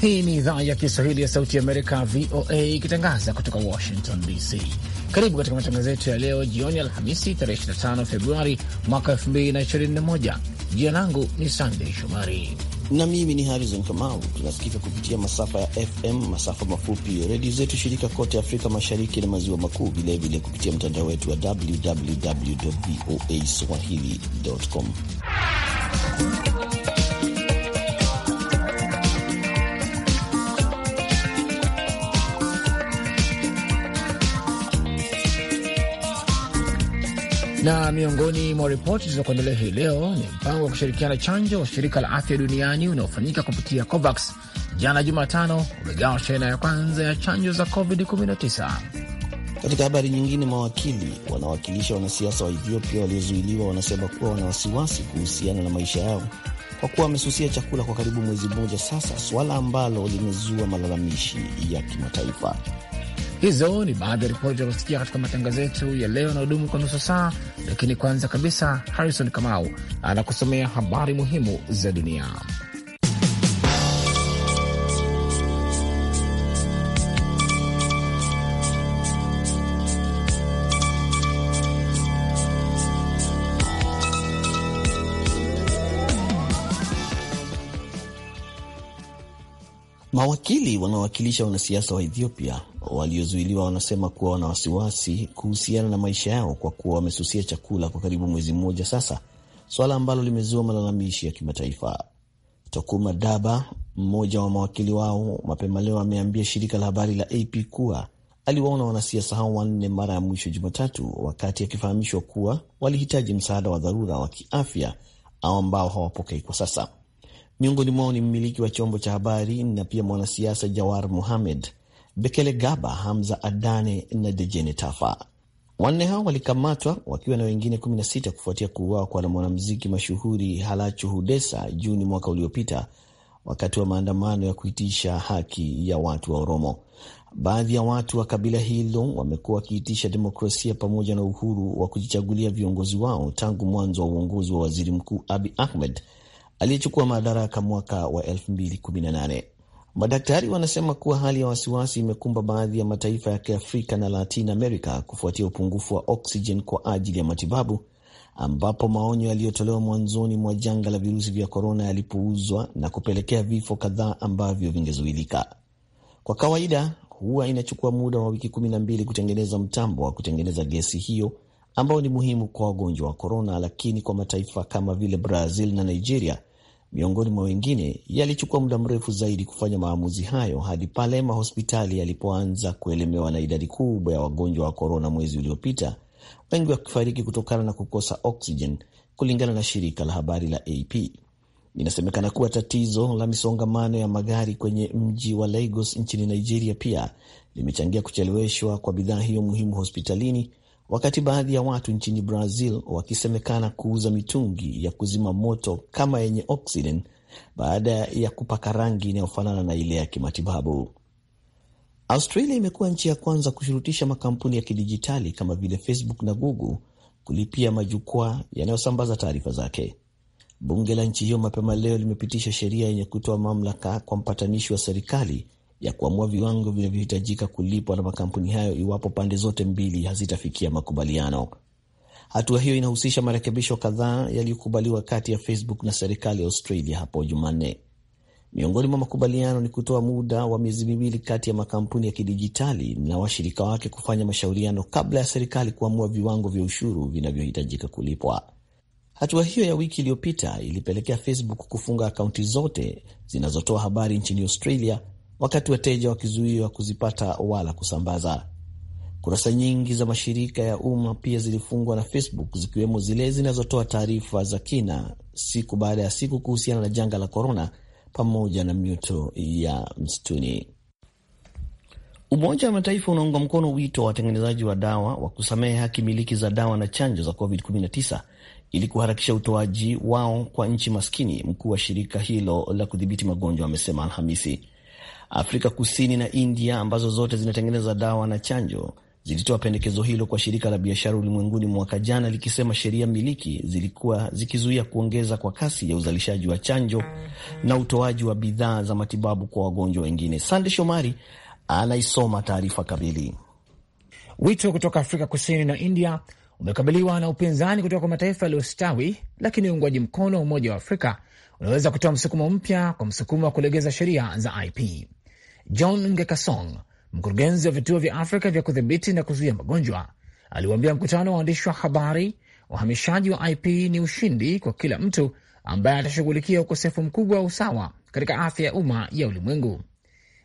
Hii ni idhaa ya Kiswahili ya Sauti ya Amerika, VOA, ikitangaza kutoka Washington DC. Karibu katika matangazo yetu ya leo jioni, Alhamisi 25 Februari mwaka 2021. Jina langu ni Sandey Shomari na mimi ni Harrison Kamau. Tunasikika kupitia masafa ya FM, masafa mafupi, redio zetu shirika kote Afrika Mashariki na Maziwa Makuu, vilevile kupitia mtandao wetu wa www voa swahili.com Na miongoni mwa ripoti zilizokuendelea hii leo ni mpango wa kushirikiana chanjo wa shirika la afya duniani unaofanyika kupitia COVAX. Jana Jumatano umegawa shehena ya kwanza ya chanjo za COVID-19. Katika habari nyingine, mawakili wanawakilisha wanasiasa wa Ethiopia waliozuiliwa wanasema kuwa wana wasiwasi kuhusiana na maisha yao kwa kuwa wamesusia chakula kwa karibu mwezi mmoja sasa, suala ambalo limezua malalamishi ya kimataifa. Hizo ni baadhi ya ripoti za kusikia katika matangazo yetu ya leo yanayodumu kwa nusu saa, lakini kwanza kabisa, Harrison Kamau anakusomea habari muhimu za dunia. Mawakili wanaowakilisha wanasiasa wa Ethiopia waliozuiliwa wanasema kuwa wana wasiwasi kuhusiana na maisha yao kwa kuwa wamesusia chakula kwa karibu mwezi mmoja sasa, swala ambalo limezua malalamishi ya kimataifa. Tokuma Daba, mmoja wa mawakili wao, mapema leo ameambia shirika la habari la AP kuwa aliwaona wanasiasa hao wanne mara ya mwisho Jumatatu, wakati akifahamishwa kuwa walihitaji msaada wa dharura wa kiafya au ambao hawapokei kwa sasa. Miongoni mwao ni mmiliki wa chombo cha habari na pia mwanasiasa Jawar muhamed Bekele Gaba, Hamza Adane na Dejene Tafa. Wanne hao walikamatwa wakiwa na wengine 16 kufuatia kuuawa kwa mwanamuziki mashuhuri Halachu Hudesa Juni mwaka uliopita wakati wa maandamano ya kuitisha haki ya watu wa Oromo. Baadhi ya watu wa kabila hilo wamekuwa wakiitisha demokrasia pamoja na uhuru wa kujichagulia viongozi wao tangu mwanzo wa uongozi wa waziri mkuu Abi Ahmed aliyechukua madaraka mwaka wa 2018. Madaktari wanasema kuwa hali ya wasiwasi imekumba baadhi ya mataifa ya Kiafrika na Latin America kufuatia upungufu wa oksijeni kwa ajili ya matibabu, ambapo maonyo yaliyotolewa mwanzoni mwa janga la virusi vya korona yalipuuzwa na kupelekea vifo kadhaa ambavyo vingezuilika. Kwa kawaida huwa inachukua muda wa wiki 12 kutengeneza mtambo wa kutengeneza gesi hiyo ambao ni muhimu kwa wagonjwa wa korona, lakini kwa mataifa kama vile Brazil na Nigeria miongoni mwa wengine, yalichukua muda mrefu zaidi kufanya maamuzi hayo hadi pale mahospitali yalipoanza kuelemewa na idadi kubwa ya wagonjwa wa korona mwezi uliopita, wengi wakifariki kutokana na kukosa oksijen, kulingana na shirika la habari la AP. Inasemekana kuwa tatizo la misongamano ya magari kwenye mji wa Lagos nchini Nigeria pia limechangia kucheleweshwa kwa bidhaa hiyo muhimu hospitalini wakati baadhi ya watu nchini Brazil wakisemekana kuuza mitungi ya kuzima moto kama yenye oksiden baada ya kupaka rangi inayofanana na ile ya kimatibabu. Australia imekuwa nchi ya kwanza kushurutisha makampuni ya kidijitali kama vile Facebook na Google kulipia majukwaa yanayosambaza taarifa zake. Bunge la nchi hiyo mapema leo limepitisha sheria yenye kutoa mamlaka kwa mpatanishi wa serikali ya kuamua viwango vinavyohitajika kulipwa na makampuni hayo iwapo pande zote mbili hazitafikia makubaliano. Hatua hiyo inahusisha marekebisho kadhaa yaliyokubaliwa kati ya Facebook na serikali ya Australia hapo Jumanne. Miongoni mwa makubaliano ni kutoa muda wa miezi miwili kati ya makampuni ya kidijitali na washirika wake kufanya mashauriano kabla ya serikali kuamua viwango vya ushuru vinavyohitajika kulipwa. Hatua hiyo ya wiki iliyopita ilipelekea Facebook kufunga akaunti zote zinazotoa habari nchini Australia wakati wateja wakizuiwa kuzipata wala kusambaza. Kurasa nyingi za mashirika ya umma pia zilifungwa na Facebook, zikiwemo zile zinazotoa taarifa za kina siku baada ya siku kuhusiana na janga la korona pamoja na mioto ya msituni. Umoja wa Mataifa unaunga mkono wito wa watengenezaji wa dawa wa kusamehe haki miliki za dawa na chanjo za COVID-19 ili kuharakisha utoaji wao kwa nchi maskini. Mkuu wa shirika hilo la kudhibiti magonjwa amesema Alhamisi Afrika Kusini na India ambazo zote zinatengeneza dawa na chanjo zilitoa pendekezo hilo kwa shirika la biashara ulimwenguni mwaka jana, likisema sheria miliki zilikuwa zikizuia kuongeza kwa kasi ya uzalishaji wa chanjo na utoaji wa bidhaa za matibabu kwa wagonjwa wengine. Sande Shomari anaisoma taarifa kamili. Wito kutoka Afrika Kusini na India umekabiliwa na upinzani kutoka kwa mataifa yaliyostawi, lakini uungwaji mkono wa Umoja wa Afrika unaweza kutoa msukumo mpya kwa msukumo wa kulegeza sheria za IP. John Ngekasong, mkurugenzi wa vituo vya Afrika vya kudhibiti na kuzuia magonjwa, aliwaambia mkutano wa waandishi wa habari, uhamishaji wa IP ni ushindi kwa kila mtu ambaye atashughulikia ukosefu mkubwa wa usawa katika afya ya umma ya ulimwengu.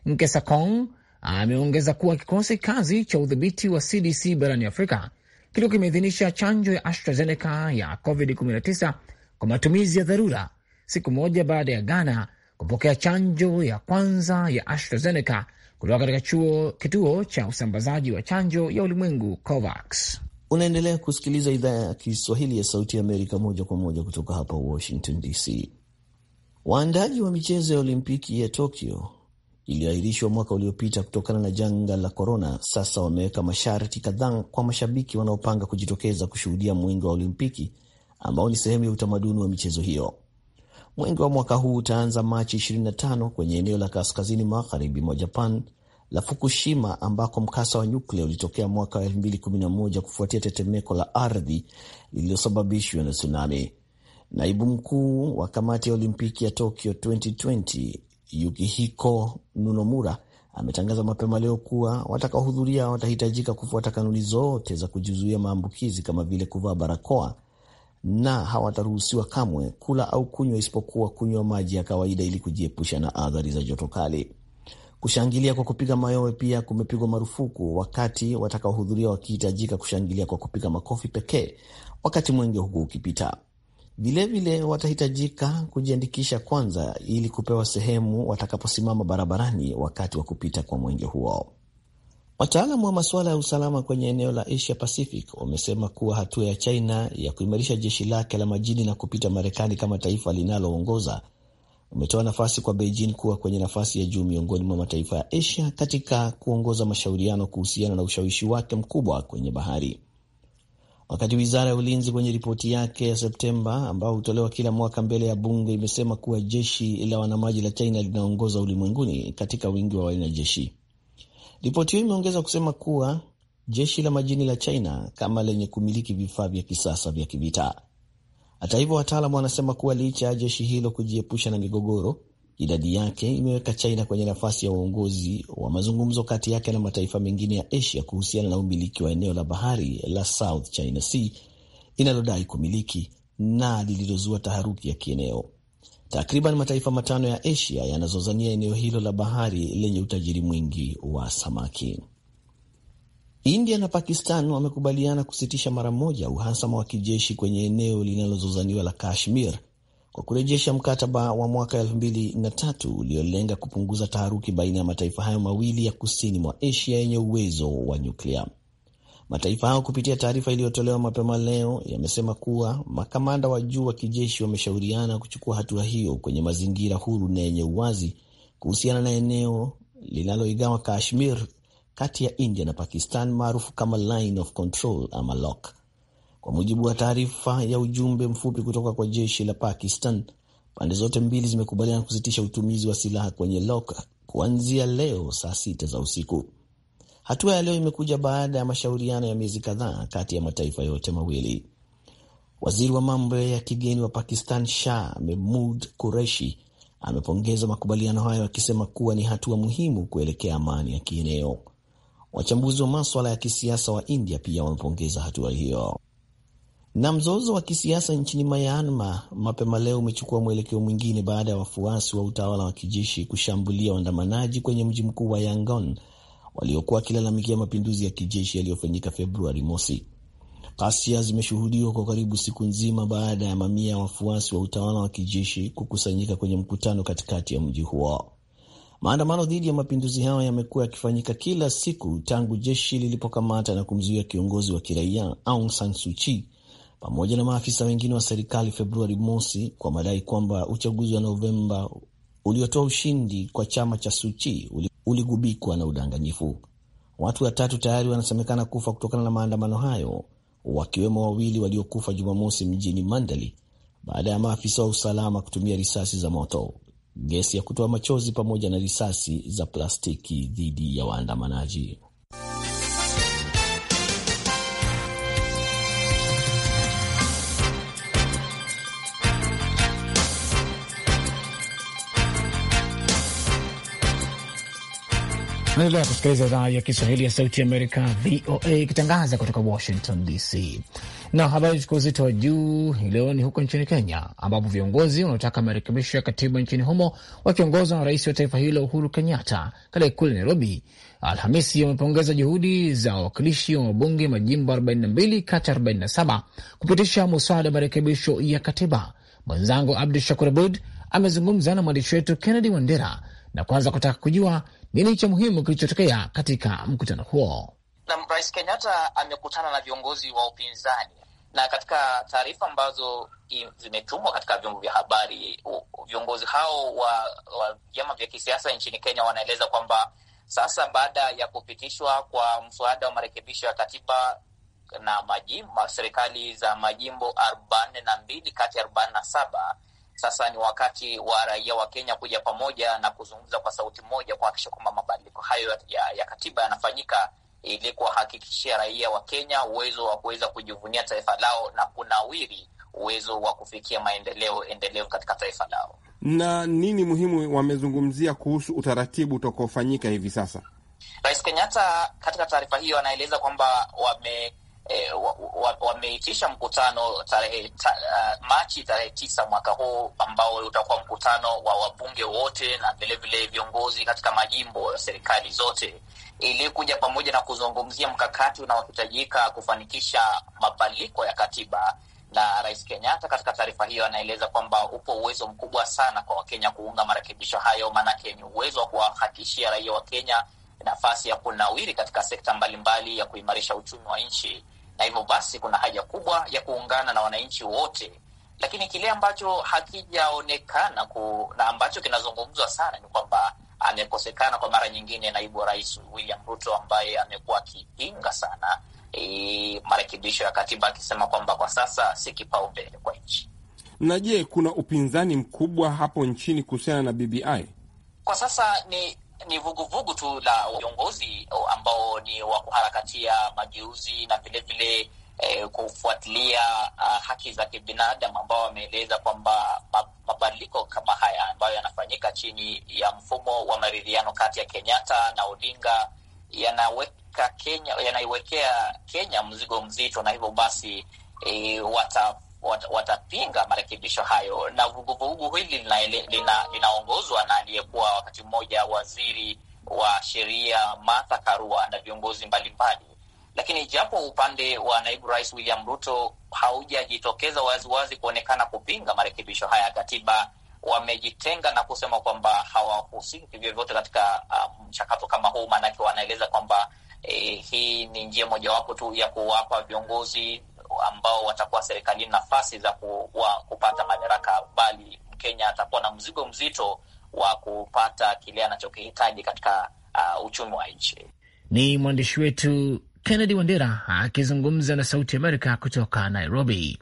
Nkesakong ameongeza kuwa kikosi kazi cha udhibiti wa CDC barani Afrika kilio kimeidhinisha chanjo ya AstraZeneca ya COVID-19 kwa matumizi ya dharura siku moja baada ya Ghana kupokea chanjo ya kwanza ya AstraZeneca kutoka katika chuo kituo cha usambazaji wa chanjo ya ulimwengu COVAX. Unaendelea kusikiliza idhaa ya Kiswahili ya Sauti ya Amerika moja kwa moja kutoka hapa Washington DC. Waandaji wa michezo ya Olimpiki ya Tokyo iliyoahirishwa mwaka uliopita kutokana na janga la korona, sasa wameweka masharti kadhaa kwa mashabiki wanaopanga kujitokeza kushuhudia mwenge wa Olimpiki ambao ni sehemu ya utamaduni wa michezo hiyo. Mwenge wa mwaka huu utaanza Machi 25 kwenye eneo la kaskazini magharibi mwa Japan la Fukushima ambako mkasa wa nyuklia ulitokea mwaka wa 2011 kufuatia tetemeko la ardhi lililosababishwa na tsunami. Naibu mkuu wa kamati ya Olimpiki ya Tokyo 2020 Yukihiko Nunomura ametangaza mapema leo kuwa watakaohudhuria watahitajika kufuata kanuni zote za kujizuia maambukizi kama vile kuvaa barakoa na hawataruhusiwa kamwe kula au kunywa isipokuwa kunywa maji ya kawaida ili kujiepusha na athari za joto kali. Kushangilia kwa kupiga mayowe pia kumepigwa marufuku, wakati watakaohudhuria wakihitajika kushangilia kwa kupiga makofi pekee wakati mwenge huku ukipita. Vilevile watahitajika kujiandikisha kwanza ili kupewa sehemu watakaposimama barabarani wakati wa kupita kwa mwenge huo. Wataalamu wa masuala ya usalama kwenye eneo la Asia Pacific wamesema kuwa hatua ya China ya kuimarisha jeshi lake la majini na kupita Marekani kama taifa linaloongoza umetoa nafasi kwa Beijing kuwa kwenye nafasi ya juu miongoni mwa mataifa ya Asia katika kuongoza mashauriano kuhusiana na ushawishi wake mkubwa kwenye bahari. Wakati wizara ya ulinzi kwenye ripoti yake ya Septemba ambayo hutolewa kila mwaka mbele ya bunge imesema kuwa jeshi la wanamaji la China linaongoza ulimwenguni katika wingi wa wanajeshi. Ripoti hiyo imeongeza kusema kuwa jeshi la majini la China kama lenye kumiliki vifaa vya kisasa vya kivita. Hata hivyo, wataalamu wanasema kuwa licha ya jeshi hilo kujiepusha na migogoro, idadi yake imeweka China kwenye nafasi ya uongozi wa mazungumzo kati yake na mataifa mengine ya Asia kuhusiana na umiliki wa eneo la bahari la South China Sea inalodai kumiliki na lililozua taharuki ya kieneo. Takriban mataifa matano ya Asia yanazozania eneo hilo la bahari lenye utajiri mwingi wa samaki. India na Pakistan wamekubaliana kusitisha mara moja uhasama wa kijeshi kwenye eneo linalozozaniwa la Kashmir kwa kurejesha mkataba wa mwaka 2003 uliolenga kupunguza taharuki baina ya mataifa hayo mawili ya kusini mwa Asia yenye uwezo wa nyuklia. Mataifa hayo kupitia taarifa iliyotolewa mapema leo yamesema kuwa makamanda wa juu wa kijeshi wameshauriana kuchukua hatua hiyo kwenye mazingira huru na yenye uwazi kuhusiana na eneo linaloigawa Kashmir kati ya India na Pakistan maarufu kama line of control ama Kwa mujibu wa taarifa ya ujumbe mfupi kutoka kwa jeshi la Pakistan, pande zote mbili zimekubaliana kusitisha utumizi wa silaha kwenye lok kuanzia leo saa sita za usiku. Hatua ya leo imekuja baada ya mashauriano ya miezi kadhaa kati ya mataifa yote mawili. Waziri wa mambo ya kigeni wa Pakistan Shah Mehmood Qureshi amepongeza makubaliano hayo akisema kuwa ni hatua muhimu kuelekea amani ya kieneo. Wachambuzi wa maswala ya kisiasa wa India pia wamepongeza hatua hiyo. Na mzozo wa kisiasa nchini Myanmar mapema leo umechukua mwelekeo mwingine baada ya wafuasi wa utawala wa kijeshi kushambulia waandamanaji kwenye mji mkuu wa Yangon waliokuwa wakilalamikia mapinduzi ya kijeshi yaliyofanyika Februari mosi. Ghasia zimeshuhudiwa kwa karibu siku nzima baada ya mamia ya wafuasi wa utawala wa kijeshi kukusanyika kwenye mkutano katikati ya mji huo. Maandamano dhidi ya mapinduzi hayo yamekuwa yakifanyika kila siku tangu jeshi lilipokamata na kumzuia kiongozi wa kiraia Aung San Suu Kyi pamoja na maafisa wengine wa serikali Februari mosi kwa madai kwamba uchaguzi wa Novemba uliotoa ushindi kwa chama cha Suu Kyi uligubikwa na udanganyifu. Watu watatu tayari wanasemekana kufa kutokana na maandamano hayo, wakiwemo wawili waliokufa Jumamosi mjini Mandali baada ya maafisa wa usalama kutumia risasi za moto, gesi ya kutoa machozi pamoja na risasi za plastiki dhidi ya waandamanaji. Naendelea kusikiliza idhaa ya Kiswahili ya Sauti Amerika, VOA, ikitangaza kutoka Washington DC. Na habari chukua uzito wa juu hii leo ni huko nchini Kenya, ambapo viongozi wanaotaka marekebisho ya katiba nchini humo wakiongozwa na rais wa taifa hilo Uhuru Kenyatta katika ikulu ya Nairobi Alhamisi wamepongeza juhudi za wawakilishi wa mabunge majimbo 42 kati ya 47 kupitisha muswada wa marekebisho ya katiba. Mwenzangu Abdu Shakur Abud amezungumza na mwandishi wetu Kennedy Wandera na kwanza kutaka kujua nini cha muhimu kilichotokea katika mkutano huo? Na Rais Kenyatta amekutana na viongozi wa upinzani na katika taarifa ambazo zimetumwa katika vyombo vya habari, viongozi hao wa vyama vya kisiasa nchini Kenya wanaeleza kwamba sasa baada ya kupitishwa kwa mswada wa marekebisho ya katiba na majimbo, serikali za majimbo arobaini na mbili kati ya arobaini na saba sasa ni wakati wa raia wa Kenya kuja pamoja na kuzungumza kwa sauti moja kuhakikisha kwamba mabadiliko hayo ya, ya katiba yanafanyika ili kuwahakikishia raia wa Kenya uwezo wa kuweza kujivunia taifa lao na kunawiri uwezo wa kufikia maendeleo endelevu katika taifa lao. Na nini muhimu wamezungumzia kuhusu utaratibu utakaofanyika hivi sasa? Rais Kenyatta katika taarifa hiyo anaeleza kwamba wame e, eh, wameitisha wa, wa mkutano tarehe ta, uh, Machi tarehe tisa mwaka huu ambao utakuwa mkutano wa wabunge wote na vilevile viongozi katika majimbo ya serikali zote ili kuja pamoja na kuzungumzia mkakati unaohitajika kufanikisha mabadiliko ya katiba na Rais Kenyatta katika taarifa hiyo anaeleza kwamba upo uwezo mkubwa sana kwa Wakenya kuunga marekebisho hayo, maanake ni uwezo wa kuwahakikishia raia wa Kenya nafasi ya kunawiri katika sekta mbalimbali ya kuimarisha uchumi wa nchi, na hivyo basi kuna haja kubwa ya kuungana na wananchi wote. Lakini kile ambacho hakijaonekana na ambacho kinazungumzwa sana ni kwamba amekosekana kwa mara nyingine naibu wa rais William Ruto ambaye amekuwa akipinga sana e, marekebisho ya katiba akisema kwamba kwa sasa si kipaumbele kwa nchi. Na je, kuna upinzani mkubwa hapo nchini kuhusiana na BBI? Kwa sasa ni ni vuguvugu tu la viongozi ambao ni wa kuharakatia mageuzi na vilevile eh, kufuatilia uh, haki za kibinadamu ambao wameeleza kwamba mabadiliko kama haya ambayo yanafanyika chini ya mfumo wa maridhiano kati ya Kenyatta na Odinga yanaweka Kenya, yanaiwekea Kenya mzigo mzito, na hivyo basi eh, wata watapinga watapinga marekebisho hayo, na vuguvugu hili lina, linaongozwa na aliyekuwa wakati mmoja waziri wa sheria Martha Karua na viongozi mbalimbali lakini japo upande wa naibu rais William Ruto haujajitokeza waziwazi kuonekana kupinga marekebisho haya ya katiba, wamejitenga na kusema kwamba hawahusiki vyovyote katika uh, mchakato um, kama huu. Maanake wanaeleza kwamba eh, hii ni njia mojawapo tu ya kuwapa viongozi ambao watakuwa serikalini nafasi za ku, wa, kupata madaraka, bali Mkenya atakuwa na mzigo mzito wa kupata kile anachokihitaji katika uh, uchumi wa nchi. Ni mwandishi wetu Kennedy Wandera akizungumza na Sauti Amerika kutoka Nairobi.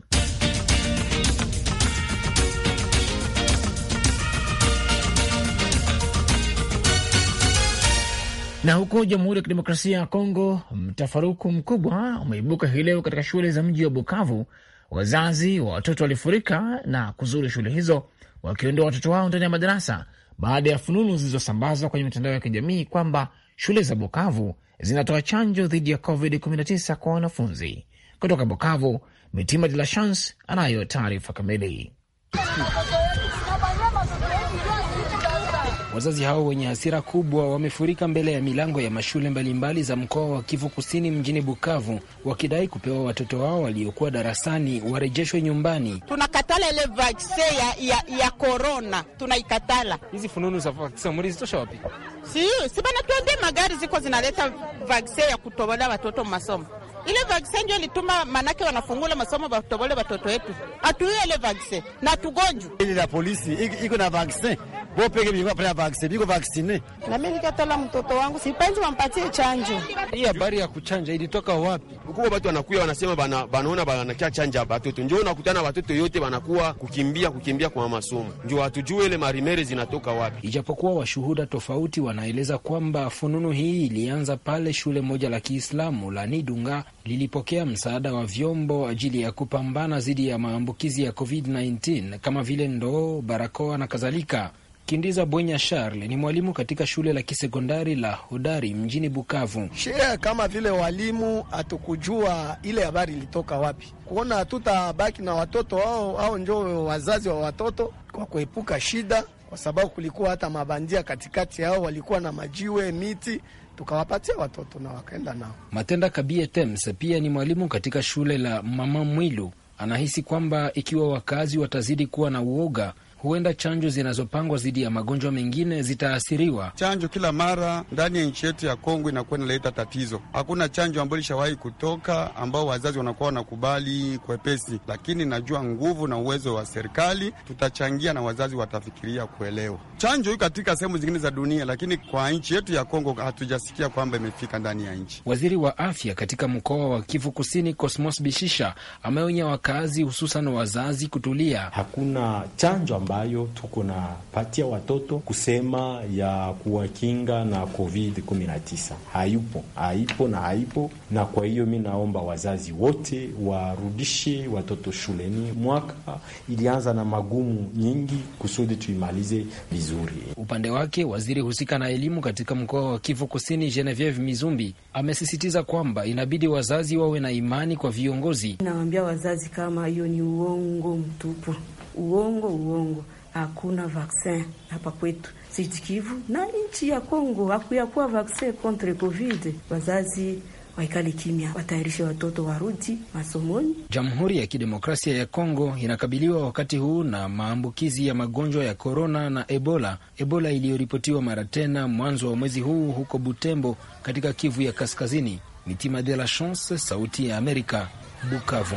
Na huko Jamhuri ya Kidemokrasia ya Kongo, mtafaruku mkubwa umeibuka hii leo katika shule za mji wa Bukavu. Wazazi wa watoto walifurika na kuzuru shule hizo wakiondoa watoto wao ndani ya madarasa baada ya fununu zilizosambazwa kwenye mitandao ya kijamii kwamba shule za Bukavu zinatoa chanjo dhidi ya COVID-19 kwa wanafunzi. Kutoka Bukavu, Mitima De La Chance anayo taarifa kamili. Wazazi hao wenye hasira kubwa wamefurika mbele ya milango ya mashule mbalimbali za mkoa wa Kivu Kusini mjini Bukavu, wakidai kupewa watoto wao waliokuwa darasani warejeshwe nyumbani. Tunakatala ile vaksin ya, ya, ya korona, tunaikatala. Hizi fununu za vaksin mlizitosha wapi? Si, si bana tuende magari ziko zinaleta vaksin ya kutobola watoto masomo ile vaksin ndio lituma, manake wanafungula masomo watobole watoto wetu, atuiyo ile vaksin na tugonjwa. Ile la polisi iko na vaksin bo peke biko apre vaksin biko vaksine, na mimi nikatala mtoto wangu sipenzi wampatie chanjo. Hii habari ya kuchanja ilitoka wapi? Ukubwa watu wanakuya wanasema bana, banaona banakia chanja batoto, njo nakutana watoto yote wanakuwa kukimbia kukimbia kwa masomo, njoo hatujue ile marimere zinatoka wapi. Ijapokuwa washuhuda tofauti wanaeleza kwamba fununu hii ilianza pale shule moja la Kiislamu la Nidunga lilipokea msaada wa vyombo ajili ya kupambana dhidi ya maambukizi ya COVID-19 kama vile ndoo, barakoa na kadhalika. Kindiza Bwenya Charles ni mwalimu katika shule la kisekondari la Hodari mjini Bukavu. Shee, kama vile walimu hatukujua ile habari ilitoka wapi, kuona hatutabaki na watoto ao au njo wazazi wa watoto kwa kuepuka shida, kwa sababu kulikuwa hata mabandia katikati yao, walikuwa na majiwe, miti tukawapatia watoto na wakaenda nao. Matenda Kabie Tems pia ni mwalimu katika shule la Mama Mwilu, anahisi kwamba ikiwa wakazi watazidi kuwa na uoga huenda chanjo zinazopangwa dhidi ya magonjwa mengine zitaathiriwa. Chanjo kila mara ndani ya nchi yetu ya Kongo inakuwa inaleta tatizo. Hakuna chanjo ambayo ilishawahi kutoka ambao wazazi wanakuwa wanakubali kwepesi, lakini najua nguvu na uwezo wa serikali tutachangia na wazazi watafikiria kuelewa. Chanjo hii katika sehemu zingine za dunia, lakini kwa nchi yetu ya Kongo hatujasikia kwamba imefika ndani ya nchi. Waziri wa afya katika mkoa wa Kivu Kusini Cosmos Bishisha ameonya wakazi, hususan wazazi kutulia. Hakuna chanjo amba ambayo tuko na patia watoto kusema ya kuwakinga na COVID-19 haipo, haipo na haipo. Na kwa hiyo mi naomba wazazi wote warudishe watoto shuleni. Mwaka ilianza na magumu nyingi kusudi tuimalize vizuri. Upande wake waziri husika na elimu katika mkoa wa Kivu Kusini, Genevieve Mizumbi, amesisitiza kwamba inabidi wazazi wawe na imani kwa viongozi. Nawaambia wazazi kama hiyo ni uongo mtupu uongo uongo, hakuna vaksin hapa kwetu Sitikivu na nchi ya Kongo. Hakuyakuwa vaksin contre covid. Wazazi waikali kimya, watayarishe watoto warudi masomoni. Jamhuri ya Kidemokrasia ya Kongo inakabiliwa wakati huu na maambukizi ya magonjwa ya korona na Ebola, Ebola iliyoripotiwa mara tena mwanzo wa mwezi huu huko Butembo katika Kivu ya Kaskazini. Mitima de la Chance, Sauti ya Amerika, Bukavu.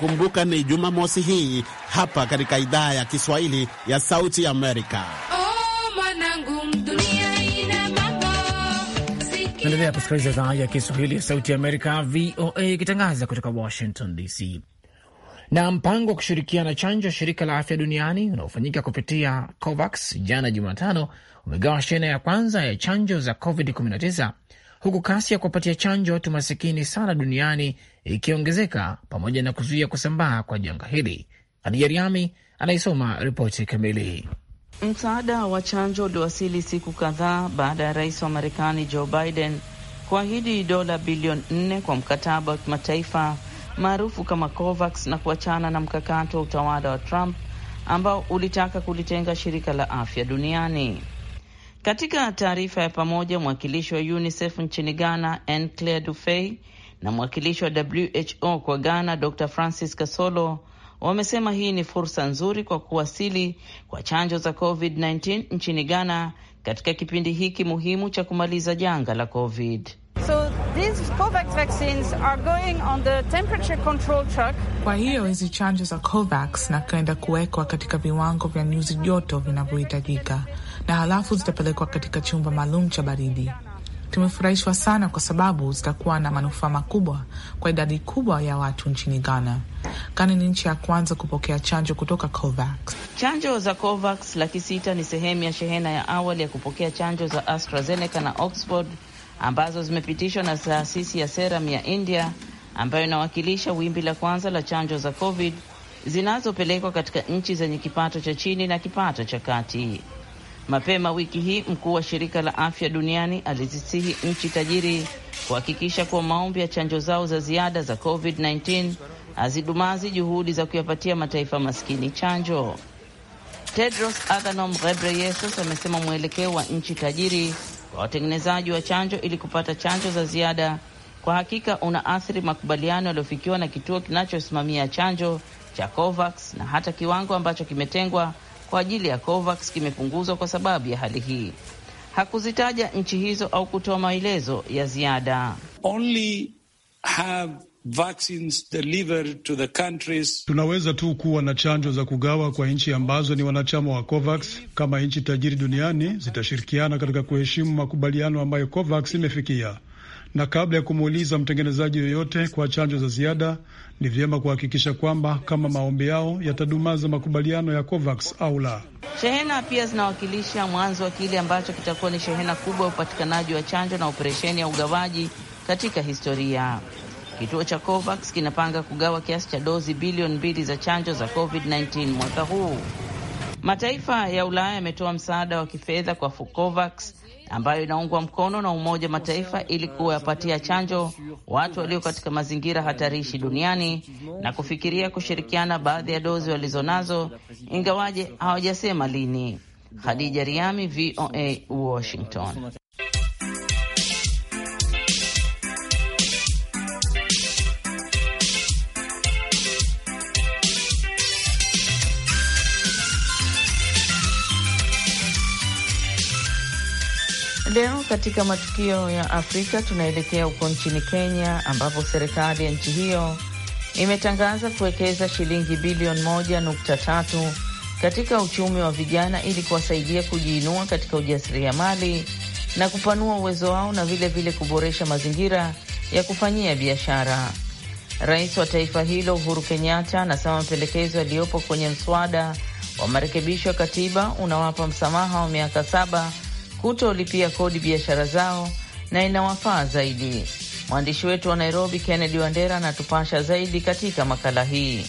Kumbuka ni Jumamosi hii hapa katika idhaa ya Kiswahili ya Sauti Amerika. Oh, Naendelea kusikiliza idhaa ya Kiswahili ya Sauti Amerika, VOA, ikitangaza kutoka Washington DC. Na mpango wa kushirikiana chanjo ya shirika la afya duniani unaofanyika kupitia COVAX jana Jumatano umegawa shehena ya kwanza ya chanjo za COVID-19 huku kasi ya kuwapatia chanjo watu masikini sana duniani ikiongezeka pamoja na kuzuia kusambaa kwa janga hili. Hadija Riami anaisoma ripoti kamili. Msaada wa chanjo uliwasili siku kadhaa baada ya rais wa Marekani Joe Biden kuahidi dola bilioni nne kwa mkataba wa kimataifa maarufu kama COVAX na kuachana na mkakati wa utawala wa Trump ambao ulitaka kulitenga shirika la afya duniani. Katika taarifa ya pamoja, mwakilishi wa UNICEF nchini Ghana n Claire dufey na mwakilishi wa WHO kwa Ghana Dr Francis Kasolo wamesema hii ni fursa nzuri kwa kuwasili kwa chanjo za COVID-19 nchini Ghana katika kipindi hiki muhimu cha kumaliza janga la COVID. So these Covax vaccines are going on the temperature control truck. Kwa hiyo hizi chanjo za Covax na kwenda kuwekwa katika viwango vya nyuzi joto vinavyohitajika na halafu zitapelekwa katika chumba maalum cha baridi. Tumefurahishwa sana kwa sababu zitakuwa na manufaa makubwa kwa idadi kubwa ya watu nchini Ghana. Ghana ni nchi ya kwanza kupokea chanjo kutoka COVAX. Chanjo za COVAX laki sita ni sehemu ya shehena ya awali ya kupokea chanjo za AstraZeneca na Oxford ambazo zimepitishwa na taasisi ya Serum ya India ambayo inawakilisha wimbi la kwanza la chanjo za COVID zinazopelekwa katika nchi zenye kipato cha chini na kipato cha kati. Mapema wiki hii mkuu wa shirika la afya duniani alizisihi nchi tajiri kuhakikisha kuwa maombi ya chanjo zao za ziada za COVID-19 hazidumazi juhudi za kuyapatia mataifa maskini chanjo. Tedros Adhanom Ghebreyesus amesema mwelekeo wa nchi tajiri kwa watengenezaji wa chanjo ili kupata chanjo za ziada kwa hakika unaathiri makubaliano yaliyofikiwa na kituo kinachosimamia chanjo cha COVAX na hata kiwango ambacho kimetengwa kwa ajili ya COVAX kimepunguzwa kwa sababu ya hali hii. Hakuzitaja nchi hizo au kutoa maelezo ya ziada. Only have vaccines delivered to the countries. Tunaweza tu kuwa na chanjo za kugawa kwa nchi ambazo ni wanachama wa COVAX. Kama nchi tajiri duniani zitashirikiana katika kuheshimu makubaliano ambayo COVAX imefikia na kabla ya kumuuliza mtengenezaji yoyote kwa chanjo za ziada, ni vyema kuhakikisha kwamba kama maombi yao yatadumaza makubaliano ya COVAX au la. Shehena pia zinawakilisha mwanzo wa kile ambacho kitakuwa ni shehena kubwa ya upatikanaji wa chanjo na operesheni ya ugawaji katika historia. Kituo cha COVAX kinapanga kugawa kiasi cha dozi bilioni mbili za chanjo za COVID-19 mwaka huu. Mataifa ya Ulaya yametoa msaada wa kifedha kwa Fucovax ambayo inaungwa mkono na Umoja wa Mataifa ili kuwapatia chanjo watu walio katika mazingira hatarishi duniani na kufikiria kushirikiana baadhi ya dozi walizonazo, ingawaje hawajasema lini. Khadija Riami, VOA, Washington. Leo katika matukio ya Afrika tunaelekea huko nchini Kenya, ambapo serikali ya nchi hiyo imetangaza kuwekeza shilingi bilioni moja nukta tatu katika uchumi wa vijana ili kuwasaidia kujiinua katika ujasiriamali na kupanua uwezo wao na vilevile vile kuboresha mazingira ya kufanyia biashara. Rais wa taifa hilo Uhuru Kenyatta anasema mapendekezo yaliyopo kwenye mswada wa marekebisho ya katiba unawapa msamaha wa miaka saba kutolipia kodi biashara zao na inawafaa zaidi. Mwandishi wetu wa Nairobi, Kennedy Wandera, anatupasha zaidi katika makala hii.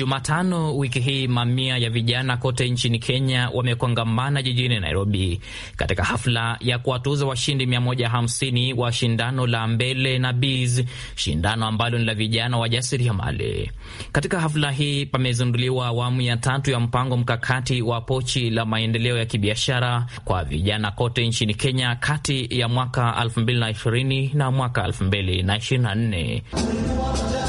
Jumatano wiki hii mamia ya vijana kote nchini Kenya wamekongamana jijini Nairobi katika hafla ya kuwatuza washindi 150 wa shindano la Mbele na Biz, shindano ambalo ni la vijana wajasiriamali. Katika hafla hii pamezinduliwa awamu ya tatu ya mpango mkakati wa pochi la maendeleo ya kibiashara kwa vijana kote nchini Kenya kati ya mwaka 2020 na mwaka 2024.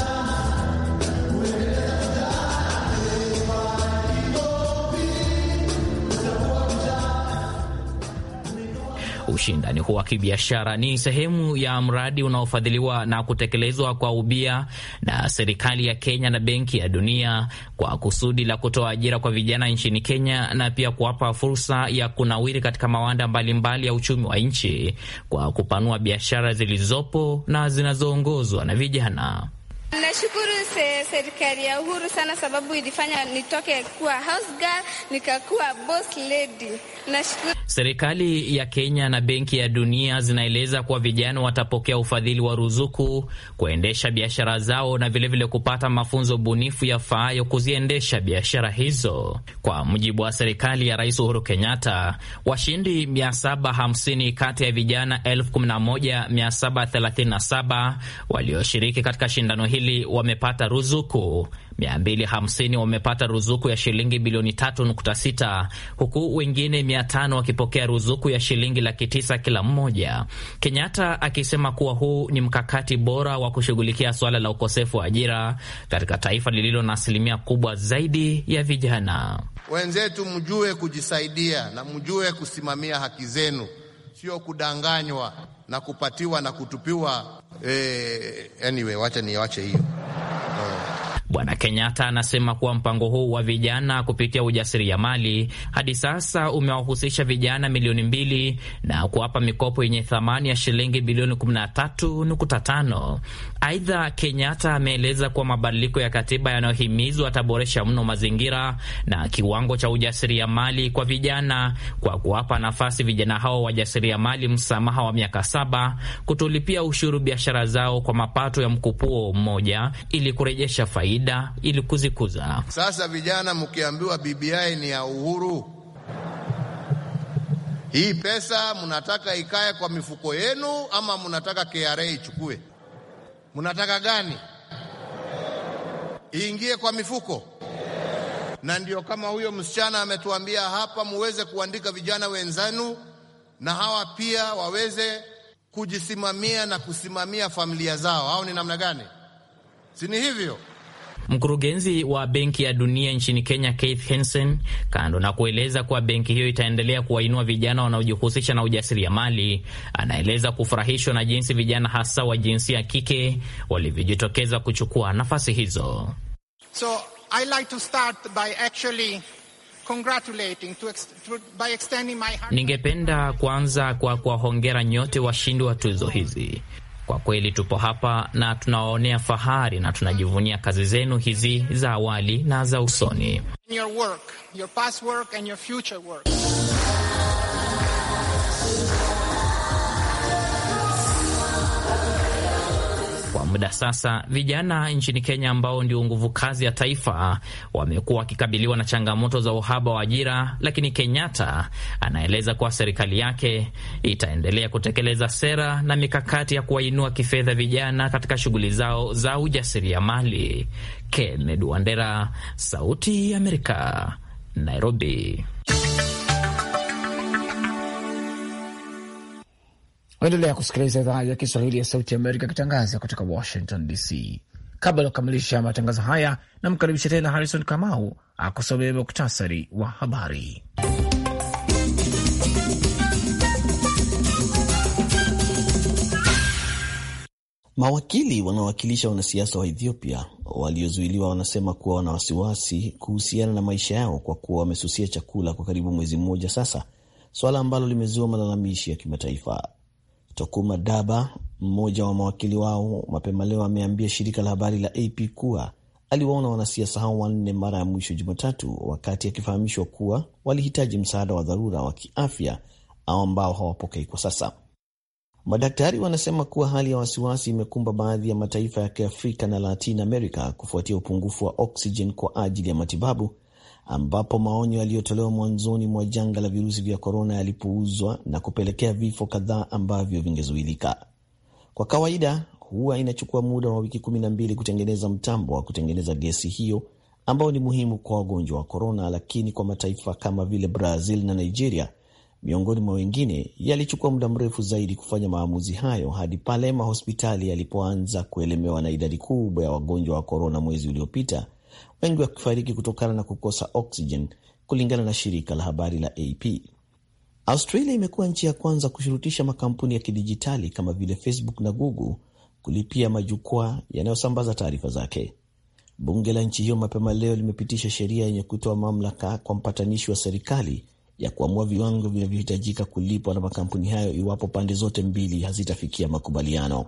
Ushindani huu wa kibiashara ni sehemu ya mradi unaofadhiliwa na kutekelezwa kwa ubia na serikali ya Kenya na Benki ya Dunia kwa kusudi la kutoa ajira kwa vijana nchini Kenya na pia kuwapa fursa ya kunawiri katika mawanda mbalimbali mbali ya uchumi wa nchi kwa kupanua biashara zilizopo na zinazoongozwa na vijana. Nashukuru se, serikali ya Uhuru sana sababu ilifanya nitoke kuwa house girl nikakuwa boss lady. Nashukuru. Serikali ya Kenya na Benki ya Dunia zinaeleza kuwa vijana watapokea ufadhili wa ruzuku kuendesha biashara zao na vilevile vile kupata mafunzo bunifu ya faayo kuziendesha biashara hizo. Kwa mujibu wa serikali ya Rais Uhuru Kenyatta, washindi 750 kati ya vijana 11737 walioshiriki katika shindano hili mbili wamepata ruzuku 250 wamepata ruzuku ya shilingi bilioni 3.6 huku wengine 500 wakipokea ruzuku ya shilingi laki tisa kila mmoja. Kenyatta akisema kuwa huu ni mkakati bora wa kushughulikia suala la ukosefu wa ajira katika taifa lililo na asilimia kubwa zaidi ya vijana. Wenzetu, mjue kujisaidia na mjue kusimamia haki zenu sio kudanganywa na kupatiwa na kutupiwa. Eh, anyway, wacha niwache hiyo. Bwana Kenyatta anasema kuwa mpango huu wa vijana kupitia ujasiriamali hadi sasa umewahusisha vijana milioni mbili na kuwapa mikopo yenye thamani ya shilingi bilioni 13.5. Aidha, Kenyatta ameeleza kuwa mabadiliko ya katiba yanayohimizwa ataboresha mno mazingira na kiwango cha ujasiriamali kwa vijana kwa kuwapa nafasi vijana hao wajasiriamali msamaha wa miaka saba kutolipia ushuru biashara zao kwa mapato ya mkupuo mmoja ili kurejesha faida faida ili kuzikuza. Sasa vijana, mkiambiwa BBI ni ya Uhuru, hii pesa mnataka ikae kwa mifuko yenu ama mnataka KRA ichukue? Mnataka gani? Iingie kwa mifuko na ndio kama huyo msichana ametuambia hapa, muweze kuandika vijana wenzanu, na hawa pia waweze kujisimamia na kusimamia familia zao, au ni namna gani? Si ni hivyo? Mkurugenzi wa Benki ya Dunia nchini Kenya, Keith hensen kando na kueleza kuwa benki hiyo itaendelea kuwainua vijana wanaojihusisha na ujasiriamali, anaeleza kufurahishwa na jinsi vijana hasa wa jinsia ya kike walivyojitokeza kuchukua nafasi hizo. So, I like to start by actually Ningependa kuanza kwa kuwahongera nyote washindi wa tuzo hizi kwa kweli tupo hapa na tunawaonea fahari na tunajivunia kazi zenu hizi za awali na za usoni. muda sasa, vijana nchini Kenya ambao ndio nguvu kazi ya taifa wamekuwa wakikabiliwa na changamoto za uhaba wa ajira, lakini Kenyatta anaeleza kuwa serikali yake itaendelea kutekeleza sera na mikakati ya kuwainua kifedha vijana katika shughuli zao za ujasiriamali. Kennedy Wandera, Sauti ya Amerika, Nairobi. Waendelea kusikiliza idhaa ya Kiswahili ya Sauti Amerika ikitangaza kutoka Washington DC. Kabla ya kukamilisha matangazo haya, namkaribisha tena Harrison Kamau akusomee muktasari wa habari. Mawakili wanaowakilisha wanasiasa wa Ethiopia waliozuiliwa wanasema kuwa wana wasiwasi kuhusiana na maisha yao kwa kuwa wamesusia chakula kwa karibu mwezi mmoja sasa, swala ambalo limezua malalamishi ya kimataifa. Tokuma Daba, mmoja wa mawakili wao, mapema leo ameambia shirika la habari la AP kuwa aliwaona wanasiasa hao wanne mara ya mwisho Jumatatu, wakati akifahamishwa kuwa walihitaji msaada wa dharura wa kiafya au ambao hawapokei kwa sasa. Madaktari wanasema kuwa hali ya wasiwasi imekumba baadhi ya mataifa ya Kiafrika na Latin America kufuatia upungufu wa oksijeni kwa ajili ya matibabu ambapo maonyo yaliyotolewa mwanzoni mwa janga la virusi vya korona yalipuuzwa na kupelekea vifo kadhaa ambavyo vingezuilika. Kwa kawaida huwa inachukua muda wa wiki kumi na mbili kutengeneza mtambo wa kutengeneza gesi hiyo ambao ni muhimu kwa wagonjwa wa korona, lakini kwa mataifa kama vile Brazil na Nigeria miongoni mwa wengine yalichukua muda mrefu zaidi kufanya maamuzi hayo hadi pale mahospitali yalipoanza kuelemewa na idadi kubwa ya wagonjwa wa korona mwezi uliopita wengi wakifariki kutokana na kukosa oksijen, kulingana na shirika la habari la AP. Australia imekuwa nchi ya kwanza kushurutisha makampuni ya kidijitali kama vile Facebook na Google kulipia majukwaa yanayosambaza taarifa zake. Bunge la nchi hiyo mapema leo limepitisha sheria yenye kutoa mamlaka kwa mpatanishi wa serikali ya kuamua viwango vinavyohitajika kulipwa na makampuni hayo iwapo pande zote mbili hazitafikia makubaliano.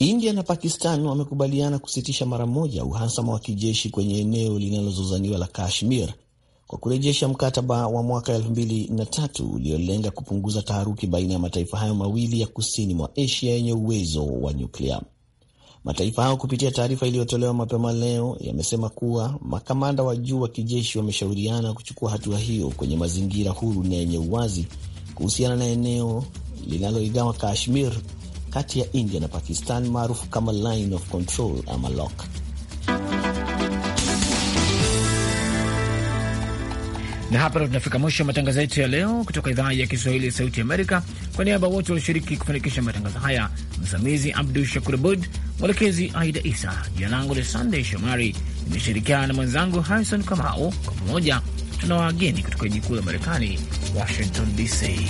India na Pakistan wamekubaliana kusitisha mara moja uhasama wa kijeshi kwenye eneo linalozozaniwa la Kashmir kwa kurejesha mkataba wa mwaka elfu uliolenga kupunguza taharuki baina ya mataifa hayo mawili ya kusini mwa Asia yenye uwezo wa nyuklia. Mataifa hayo kupitia taarifa iliyotolewa mapema leo yamesema kuwa makamanda wa juu wa kijeshi wameshauriana kuchukua hatua wa hiyo kwenye mazingira huru na yenye uwazi kuhusiana na eneo linaloigawa Kashmir kati ya India na Pakistan maarufu kama line of control ama lock. Na hapa ndo tunafika mwisho wa matangazo yetu ya leo kutoka idhaa ya Kiswahili ya Sauti Amerika. Kwa niaba wote walioshiriki kufanikisha matangazo haya, msimamizi Abdu Shakur Abud, mwelekezi Aida Isa, jina langu ni Sandey Shomari, nimeshirikiana na mwenzangu Harrison Kamau. Kwa pamoja tuna wageni kutoka jiji kuu la Marekani, Washington DC.